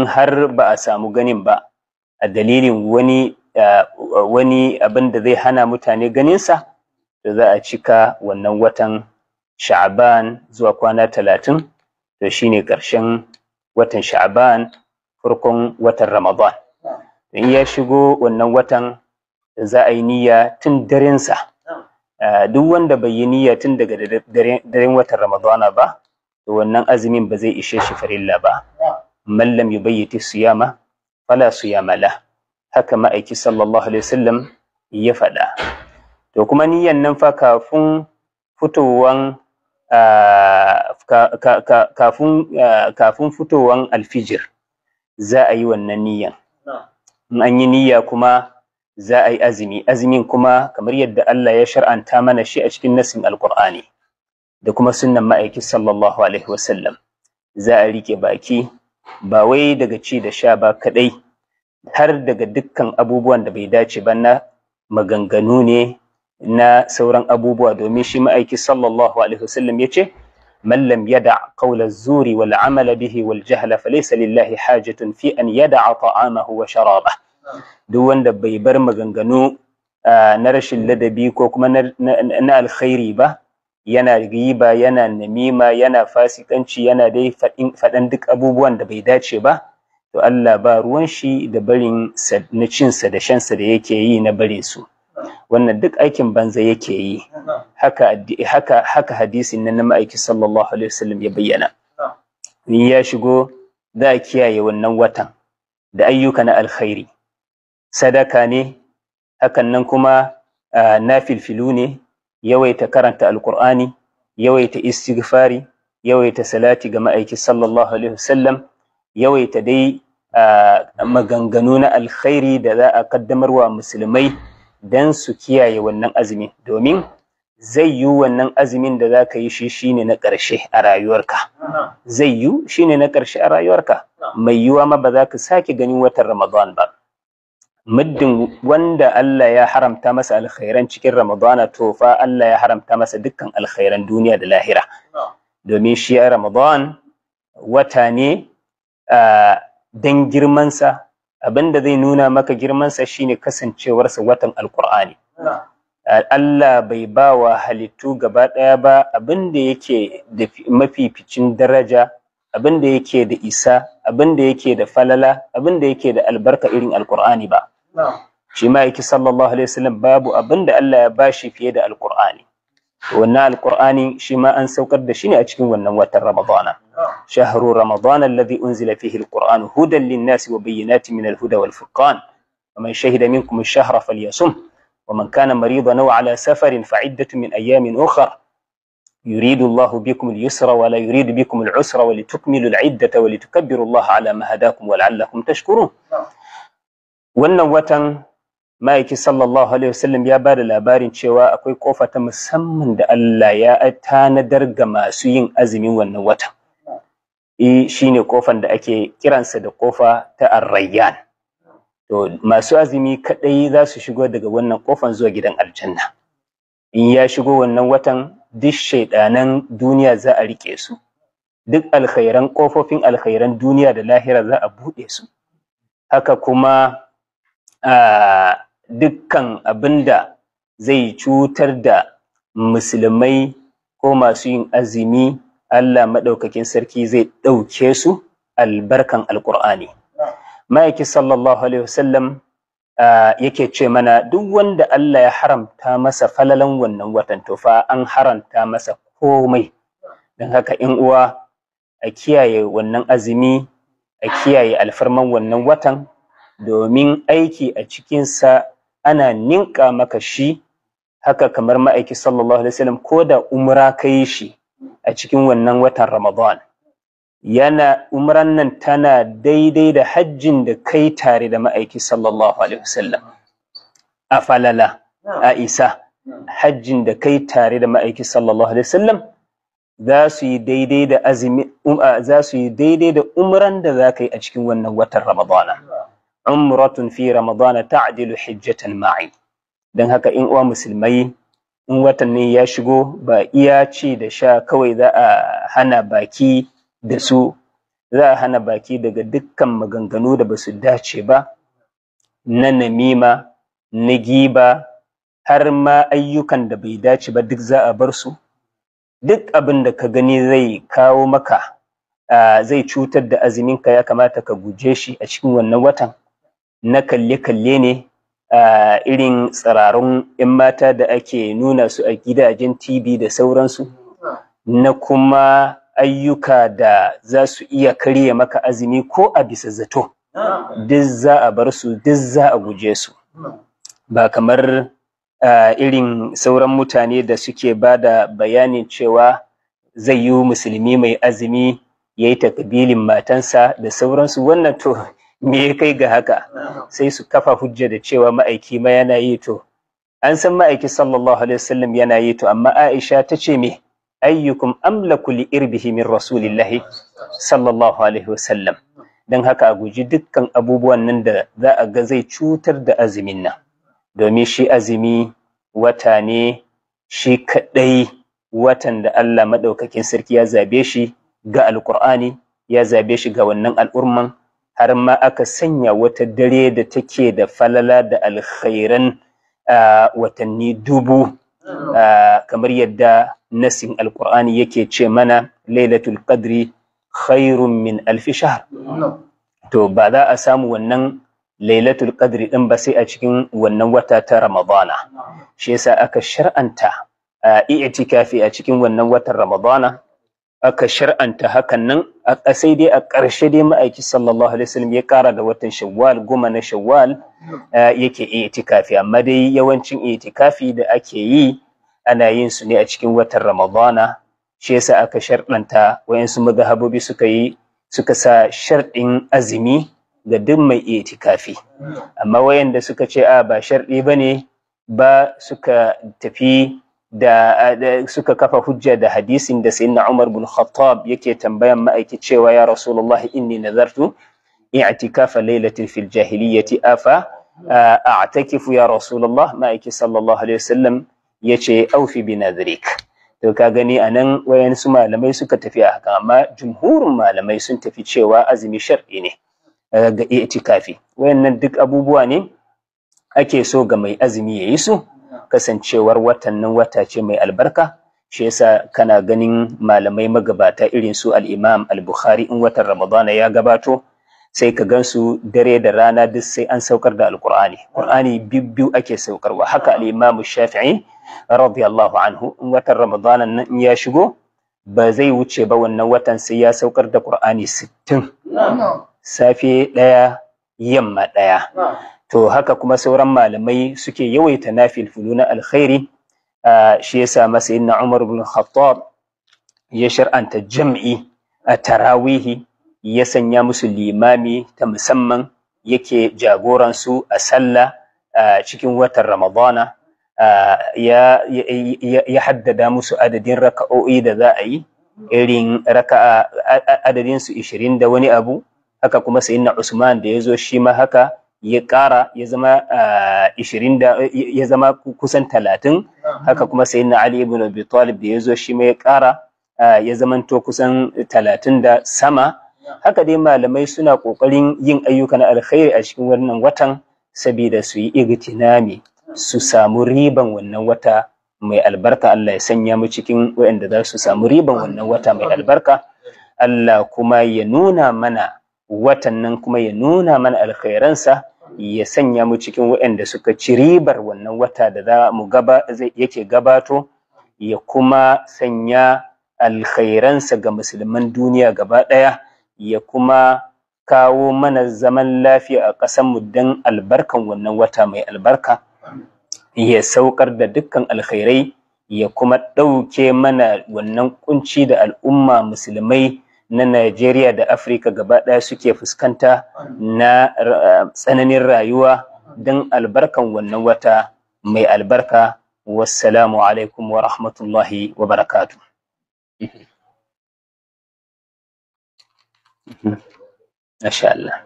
idan har ba a samu ganin ba a dalilin wani wani abin da zai hana mutane ganinsa to za a cika wannan watan Shaban zuwa kwana talatin to shine ƙarshen watan Shaban farkon watan ramadan in ya shigo wannan watan za a yi niyya tun darensa duk wanda bai yi niyya tun daga daren watan ramadana ba to wannan azumin ba zai ishe shi farilla ba man lam yubayyiti siyama fala siyama la haka ma'aiki sallallahu alaihi wasallam ya faɗa to kuma niyyan nan fa kafin fitowan kafin kafin alfijir za a yi wannan niyyan in an yi niyya kuma za a yi azumi azumin kuma kamar yadda Allah ya shar'anta mana shi a cikin nasin alkur'ani da kuma sunnan ma'aiki sallallahu alaihi wasallam za a rike baki ba wai daga ci da sha ba kaɗai har daga dukkan abubuwan da bai dace ba na maganganu ne na sauran abubuwa domin shi ma'aiki sallallahu alaihi wasallam ya ce mallam lam yada qawla zuri wal amala bihi wal jahla falaysa lillahi hajatun fi an yada ta'amahu wa sharaba duk wanda bai bar maganganu ah, na rashin ladabi ko kuma na alkhairi ba yana riba yana namima yana fasikanci yana dai faɗan duk abubuwan da bai dace ba to Allah ba ruwan shi da barin na cinsa da shansa da yake yi na bare su wannan duk aikin banza yake yi haka haka haka hadisin nan na ma'aiki sallallahu alaihi wasallam ya bayyana in ya shigo za a kiyaye wannan watan da ayyuka na alkhairi sadaka ne hakan nan kuma ah, na filfilu ne yawaita karanta alkur'ani yawaita istighfari yawaita salati ga ma'aiki sallallahu alaihi wasallam yawaita dai maganganu na alkhairi da za a kaddamar wa musulmai don su kiyaye wannan azumin domin zai yi wannan azumin da za ka yi shi shine na ƙarshe a rayuwarka zai yi shine na ƙarshe a rayuwarka mai yiwuwa ma ba za ka sake ganin watan ramadan ba muddin wanda Allah ya haramta masa alkhairan cikin Ramadana to fa Allah ya haramta masa dukkan alkhairan duniya da lahira domin shi ya Ramadan wata ne dan girmansa abinda zai nuna maka girmansa shine kasancewarsa watan alkur'ani Allah bai ba wa halittu gaba ɗaya ba abinda yake da mafificin daraja abinda yake da isa abinda yake da falala abinda yake da albarka irin alkur'ani ba shi ma yake sallallahu alaihi wasallam babu abin da Allah ya bashi fiye da alqur'ani wannan alqur'ani shi ma an saukar da shi ne a cikin wannan watan ramadana shahru ramadana alladhi unzila fihi alqur'anu hudan lin-nasi wa bayyinatin min al-huda wal-furqan faman shahida minkum ash-shahra falyasum ومن كان مريضا او على سفر فعدة من ايام اخر يريد الله بكم اليسر ولا يريد بكم العسر ولتكملوا العدة ولتكبروا الله على ما هداكم ولعلكم تشكرون wannan watan ma'aiki sallallahu alaihi wasallam ya ba da labarin cewa akwai kofa ta musamman da Allah ya tanadar ga masu yin azumin wannan watan e shine kofan da ake kiransa da kofa ta arrayyan to masu azumi kadai za su shigo daga wannan kofan zuwa gidan aljanna in ya shigo wannan watan duk shaidanan duniya za a rike su duk alkhairan kofofin alkhairan duniya da lahira za a buɗe su haka kuma dukkan abinda zai cutar da musulmai ko masu yin azumi Allah maɗaukakin sarki zai ɗauke su albarkan alƙur'ani ma'aiki sallallahu alaihi wasallam yake ce mana duk wanda Allah ya haramta masa falalan wannan watan to fa an haramta masa komai don haka in uwa a kiyaye wannan azumi a kiyaye alfarman wannan watan domin aiki a cikinsa ana ninka maka shi haka kamar ma'aiki sallallahu alaihi wasallam ko da umra ka yi shi a cikin wannan watan ramadan yana umran nan tana daidai da hajjin da kai tare da ma'aiki sallallahu alaihi wasallam a falala a isa hajjin da kai tare da ma'aiki sallallahu alaihi wasallam za su yi daidai da azumi um, za su yi daidai da umran da za ka yi a cikin wannan watan ramadana umratun fi ramadana ta'dilu hijjatan ma'i dan haka in uwa musulmai in watan ne ya shigo ba iya ci da sha kawai za a hana baki da su za a hana baki daga dukkan maganganu da basu dace ba na namima na giba har ma ayyukan da bai dace ba duk za a bar su duk abin da ka gani zai kawo maka zai cutar da azuminka ya kamata ka guje shi a cikin wannan watan na kalle-kalle ne a irin tsirarun 'yan mata da ake nuna su a gidajen TV da sauransu na kuma ayyuka da za su iya karya maka azumi ko a bisa zato duk za a bar su duk za a guje su ba kamar uh, irin sauran mutane da suke ba da bayanin cewa zai yi musulmi mai azumi ya yi takabilin matansa da sauransu wannan to me ya kai ga haka sai su kafa hujja da cewa ma'aiki ma yana yi to an san ma'aiki sallallahu alaihi wasallam yana yi to amma Aisha ta ce me ayyukum amlaku li irbihi min rasulillahi sallallahu alaihi wasallam don haka a guji dukkan abubuwan nan da za a ga zai cutar da azumin nan domin shi azumi wata ne shi kaɗai watan da Allah Madaukakin sarki ya zabe shi ga alƙur'ani ya zabe shi ga wannan al'umman har ma aka sanya wata dare da take da falala da alkhairan watanni dubu kamar yadda nasin alkur'ani yake ce mana lailatul qadri khairun min alfi shahr to ba za a samu wannan lailatul qadri din ba sai a cikin wannan wata ta ramadana shi yasa aka shar'anta i'tikafi a cikin wannan watan ramadana aka shar'anta hakan nan a sai dai a ƙarshe dai ma'aiki sallallahu alaihi wasallam ya ƙara da watan shawwal goma na shawwal eh, yake itikafi amma dai yawancin itikafi da ake yi ana yin su ne a cikin watan ramadana shi yasa aka sharɗanta wayansu mazhabobi suka yi suka sa sharɗin azumi ga duk mai itikafi amma wayanda suka ce a ba sharɗi bane ba suka tafi da suka kafa hujja da hadisin da sayyidina Umar bin Khattab yake tambayan ma'aiki cewa ya Rasulullahi inni nazartu i'tikafa lailatin fil jahiliyyati afa a'takifu ya Rasulullah ma'aiki sallallahu alaihi wasallam yace aufi bi nadhrik to ka gani anan su malamai suka tafi a haka amma jumhurin malamai sun tafi cewa azumi shar'i ne ga i'tikafi wayannan duk abubuwa ne ake so ga mai azumi yayi su kasancewar watan nan wata ce mai albarka shi yasa kana ganin malamai magabata irin su al-imam al-bukhari in watan ramadana ya gabato sai ka gansu dare da rana duk sai an saukar da alkur'ani qur'ani bibbiu ake saukarwa haka al-imam shafi'i radiyallahu anhu in watan ramadana nan ya shigo ba zai wuce ba wannan watan sai ya saukar da qur'ani 60 safe daya yamma daya to haka kuma sauran malamai suke yawaita nafilfilu na alkhairi shi ya yasa na Umar bin Khattab ya shar'anta jam'i a tarawihi ya sanya musu limami ta musamman yake jagoransu a sallah cikin watan ramadana ya haddada musu adadin raka'o'i da za a yi irin raka'a adadinsu ishirin da wani abu haka kuma sayin na usman da ya zo shi ma haka ya kara ya zama eh, ishirin da ya zama kusan talatin haka kuma sai na Ali ibn Abi Talib da ya zo shi ma ya ƙara eh, ya zamanto kusan talatin da sama haka dai malamai suna ƙoƙarin yin ayyukan na alkhairi a cikin wannan watan saboda su yi igtinami su samu riban wannan wata mai albarka Allah ya sanya mu cikin waɗanda za su samu riban wannan wata mai albarka Allah kuma ya nuna mana watan nan kuma ya nuna mana alkhairansa ya sanya mu cikin waɗanda suka ci ribar wannan wata da za mu gaba yake gabato ya kuma sanya alkhairansa ga musulman duniya gaba ɗaya ya kuma kawo mana zaman lafiya a ƙasar mu don albarkan wannan wata mai albarka ya saukar da dukkan alkhairai ya kuma ɗauke mana wannan kunci da al'umma musulmai na Najeriya da afrika gaba ɗaya suke fuskanta na eh, tsananin rayuwa don albarkan wannan wata mai albarka wassalamu alaikum wa rahmatullahi wa barakatu. Masha Allah.